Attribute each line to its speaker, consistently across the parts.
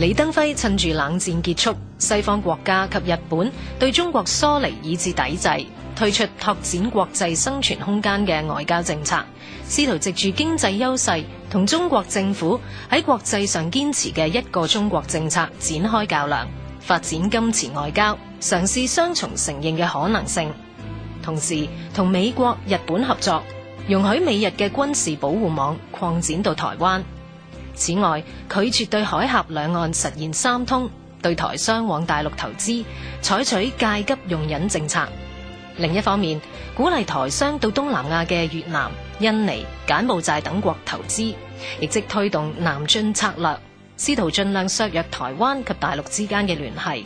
Speaker 1: 李登輝趁住冷戰結束，西方國家及日本對中國疏離以至抵制，推出拓展國際生存空間嘅外交政策，試圖藉住經濟優勢同中國政府喺國際上堅持嘅一個中國政策展開較量，發展金錢外交，嘗試雙重承認嘅可能性，同時同美國、日本合作，容許美日嘅軍事保護網擴展到台灣。此外，拒絕對海峽兩岸實現三通，對台商往大陸投資採取戒急用忍政策；另一方面，鼓勵台商到東南亞嘅越南、印尼、柬埔寨等國投資，亦即推動南進策略，試圖盡量削弱台灣及大陸之間嘅聯繫。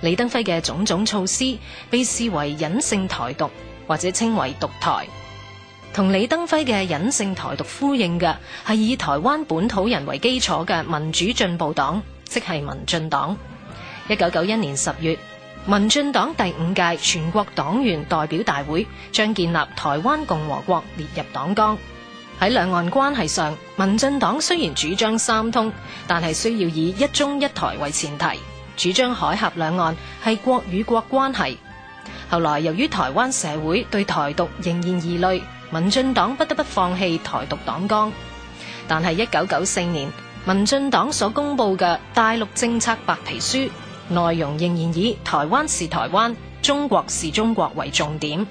Speaker 1: 李登輝嘅種種措施被視為隱性台獨，或者稱為獨台。同李登輝嘅隱性台獨呼應嘅係以台灣本土人為基礎嘅民主進步黨，即係民進黨。一九九一年十月，民進黨第五屆全國黨員代表大會將建立台灣共和國列入黨綱。喺兩岸關係上，民進黨雖然主張三通，但係需要以一中一台為前提，主張海峽兩岸係國與國關係。後來由於台灣社會對台獨仍然疑慮。民進黨不得不放棄台獨黨綱，但係一九九四年，民進黨所公布嘅大陸政策白皮書，內容仍然以台灣是台灣、中國是中國為重點。